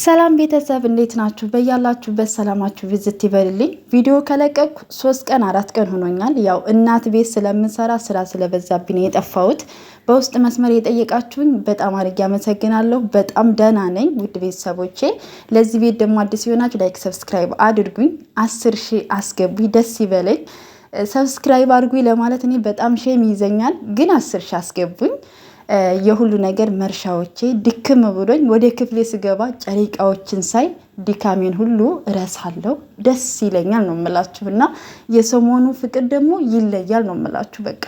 ሰላም ቤተሰብ እንዴት ናችሁ? በያላችሁበት ሰላማችሁ ቪዝት ይበልልኝ። ቪዲዮ ከለቀኩ ሶስት ቀን አራት ቀን ሆኖኛል። ያው እናት ቤት ስለምንሰራ ስራ ስለበዛብኝ የጠፋሁት። በውስጥ መስመር የጠየቃችሁኝ በጣም አድርጌ አመሰግናለሁ። በጣም ደህና ነኝ ውድ ቤተሰቦቼ። ለዚህ ቤት ደግሞ አዲስ ሲሆናችሁ ላይክ፣ ሰብስክራይብ አድርጉኝ። አስር ሺ አስገቡኝ፣ ደስ ይበለኝ። ሰብስክራይብ አድርጉኝ ለማለት እኔ በጣም ሼም ይዘኛል፣ ግን አስር ሺ አስገቡኝ። የሁሉ ነገር መርሻዎቼ ድክም ብሎኝ ወደ ክፍሌ ስገባ ጨሪቃዎችን ሳይ ድካሜን ሁሉ እረሳለሁ፣ ደስ ይለኛል ነው የምላችሁ። እና የሰሞኑ ፍቅር ደግሞ ይለያል ነው የምላችሁ። በቃ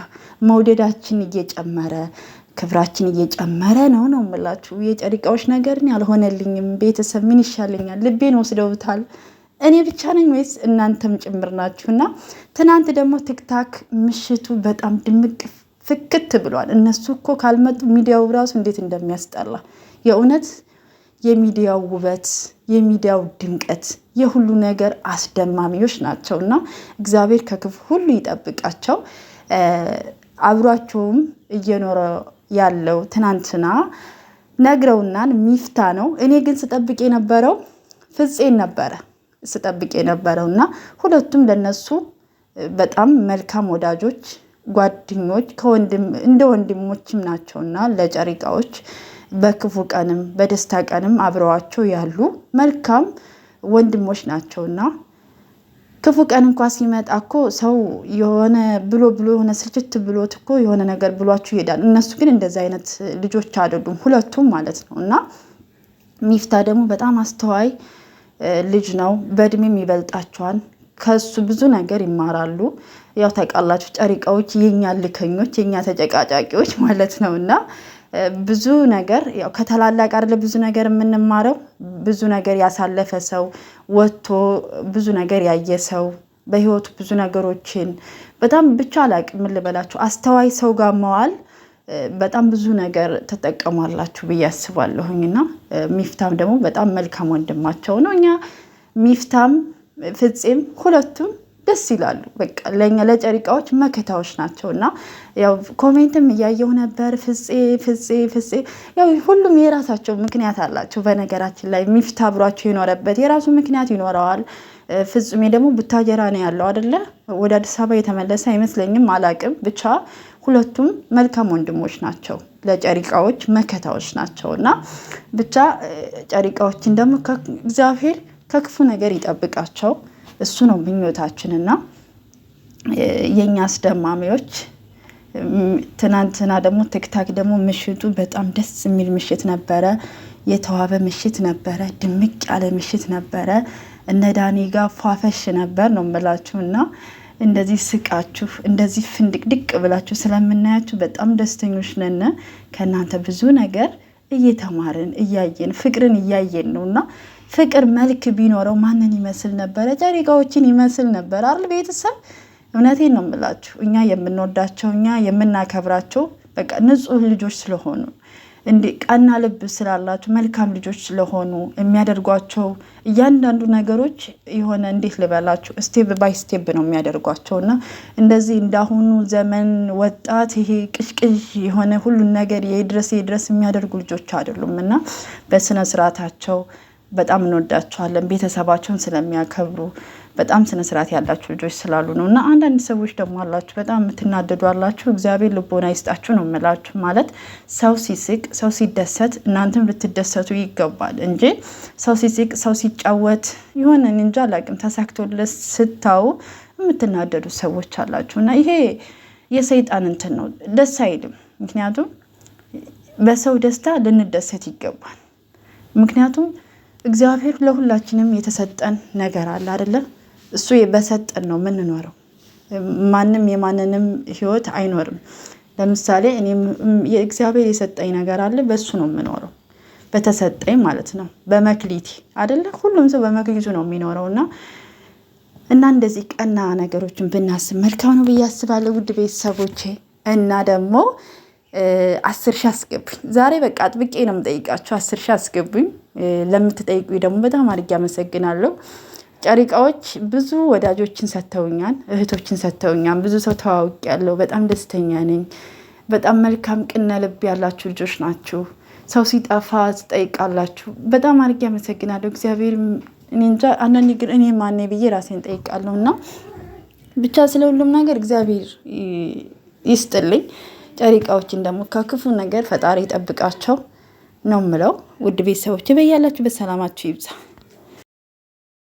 መውደዳችን እየጨመረ ክብራችን እየጨመረ ነው ነው የምላችሁ። የጨሪቃዎች ነገር አልሆነልኝም። ቤተሰብ ምን ይሻለኛል? ልቤን ወስደውታል። እኔ ብቻ ነኝ ወይስ እናንተም ጭምር ናችሁ? እና ትናንት ደግሞ ትክታክ ምሽቱ በጣም ድምቅፍ ፍክት ብሏል። እነሱ እኮ ካልመጡ ሚዲያው ራሱ እንዴት እንደሚያስጠላ የእውነት የሚዲያው ውበት፣ የሚዲያው ድምቀት፣ የሁሉ ነገር አስደማሚዎች ናቸው እና እግዚአብሔር ከክፉ ሁሉ ይጠብቃቸው። አብሯቸውም እየኖረ ያለው ትናንትና ነግረውናን ሚፍታ ነው። እኔ ግን ስጠብቅ የነበረው ፍፄን ነበረ ስጠብቅ የነበረው እና ሁለቱም ለነሱ በጣም መልካም ወዳጆች ጓደኞች እንደ ወንድሞችም ናቸውና ለጨሪቃዎች በክፉ ቀንም በደስታ ቀንም አብረዋቸው ያሉ መልካም ወንድሞች ናቸውና ክፉ ቀን እንኳ ሲመጣ እኮ ሰው የሆነ ብሎ ብሎ የሆነ ስልችት ብሎት እኮ የሆነ ነገር ብሏችሁ ይሄዳል። እነሱ ግን እንደዚ አይነት ልጆች አይደሉም፣ ሁለቱም ማለት ነው። እና ሚፍታ ደግሞ በጣም አስተዋይ ልጅ ነው። በእድሜም ይበልጣቸዋል። ከሱ ብዙ ነገር ይማራሉ። ያው ታውቃላችሁ ጨሪቃዎች የኛ ልከኞች የኛ ተጨቃጫቂዎች ማለት ነው እና ብዙ ነገር ያው ከታላላቅ አይደለ ብዙ ነገር የምንማረው ብዙ ነገር ያሳለፈ ሰው ወጥቶ ብዙ ነገር ያየ ሰው በህይወቱ ብዙ ነገሮችን በጣም ብቻ ላቅ ምን ልበላችሁ አስተዋይ ሰው ጋር መዋል በጣም ብዙ ነገር ተጠቀሟላችሁ ብዬ አስባለሁኝ እና ሚፍታም ደግሞ በጣም መልካም ወንድማቸው ነው እኛ ሚፍታም ፍፄም ሁለቱም ደስ ይላሉ። በቃ ለእኛ ለጨሪቃዎች መከታዎች ናቸው እና ያው ኮሜንትም እያየው ነበር ፍፄ ፍፄ ፍፄ። ያው ሁሉም የራሳቸው ምክንያት አላቸው። በነገራችን ላይ ሚፍታ አብሯቸው የኖረበት የራሱ ምክንያት ይኖረዋል። ፍጹሜ ደግሞ ቡታጀራ ነው ያለው አደለ? ወደ አዲስ አበባ የተመለሰ አይመስለኝም፣ አላቅም። ብቻ ሁለቱም መልካም ወንድሞች ናቸው፣ ለጨሪቃዎች መከታዎች ናቸው እና ብቻ ጨሪቃዎችን ደግሞ ከእግዚአብሔር ከክፉ ነገር ይጠብቃቸው። እሱ ነው ምኞታችንና የእኛ አስደማሚዎች ትናንትና ደግሞ ትክታክ ደግሞ ምሽቱ በጣም ደስ የሚል ምሽት ነበረ። የተዋበ ምሽት ነበረ። ድምቅ ያለ ምሽት ነበረ። እነ ዳኒ ጋር ፏፈሽ ነበር ነው የምላችሁ እና እንደዚህ ስቃችሁ እንደዚህ ፍንድቅድቅ ብላችሁ ስለምናያችሁ በጣም ደስተኞች ነን። ከእናንተ ብዙ ነገር እየተማርን እያየን ፍቅርን እያየን ነው እና ፍቅር መልክ ቢኖረው ማንን ይመስል ነበረ? ጨሪቃዎችን ይመስል ነበር አይደል? ቤተሰብ እውነቴን ነው የምላችሁ፣ እኛ የምንወዳቸው እኛ የምናከብራቸው በቃ ንጹህ ልጆች ስለሆኑ እንዲ ቀና ልብ ስላላቸው መልካም ልጆች ስለሆኑ የሚያደርጓቸው እያንዳንዱ ነገሮች የሆነ እንዴት ልበላችሁ ስቴፕ ባይ ስቴፕ ነው የሚያደርጓቸው እና እንደዚህ እንዳሁኑ ዘመን ወጣት ይሄ ቅዥቅዥ የሆነ ሁሉን ነገር የድረስ የድረስ የሚያደርጉ ልጆች አይደሉም እና በስነ ስርዓታቸው በጣም እንወዳቸዋለን። ቤተሰባቸውን ስለሚያከብሩ በጣም ስነስርዓት ያላችሁ ልጆች ስላሉ ነው። እና አንዳንድ ሰዎች ደግሞ አላችሁ በጣም የምትናደዱ አላችሁ። እግዚአብሔር ልቦና ይስጣችሁ ነው የምላችሁ። ማለት ሰው ሲስቅ፣ ሰው ሲደሰት እናንተም ልትደሰቱ ይገባል እንጂ ሰው ሲስቅ፣ ሰው ሲጫወት የሆነ እንጃ አላቅም ተሳክቶለት ስታው የምትናደዱ ሰዎች አላችሁ። እና ይሄ የሰይጣን እንትን ነው፣ ደስ አይልም። ምክንያቱም በሰው ደስታ ልንደሰት ይገባል። ምክንያቱም እግዚአብሔር ለሁላችንም የተሰጠን ነገር አለ አይደለም? እሱ በሰጠን ነው የምንኖረው። ማንም የማንንም ህይወት አይኖርም። ለምሳሌ እግዚአብሔር የእግዚአብሔር የሰጠኝ ነገር አለ፣ በሱ ነው የምኖረው በተሰጠኝ ማለት ነው። በመክሊቴ አደለ? ሁሉም ሰው በመክሊቱ ነው የሚኖረው እና እና እንደዚህ ቀና ነገሮችን ብናስብ መልካም ነው ብዬ አስባለሁ ውድ ቤተሰቦቼ እና ደግሞ አስር ሺ አስገቡኝ። ዛሬ በቃ አጥብቄ ነው የምጠይቃችሁ። አስር ሺ አስገቡኝ። ለምትጠይቁኝ ደግሞ በጣም አድርጌ አመሰግናለሁ። ጨሪቃዎች ብዙ ወዳጆችን ሰጥተውኛል፣ እህቶችን ሰጥተውኛል። ብዙ ሰው ተዋውቅ ያለው በጣም ደስተኛ ነኝ። በጣም መልካም ቅነ ልብ ያላችሁ ልጆች ናችሁ። ሰው ሲጠፋ ትጠይቃላችሁ። በጣም አድርጌ አመሰግናለሁ። እግዚአብሔር እኔ እንጃ። ግን እኔ ማኔ ብዬ ራሴን ጠይቃለሁ እና ብቻ ስለ ሁሉም ነገር እግዚአብሔር ይስጥልኝ። ጨሪቃዎችን ደግሞ ከክፉ ነገር ፈጣሪ ጠብቃቸው ነው ምለው። ውድ ቤተሰቦች በያላችሁ በሰላማችሁ ይብዛ።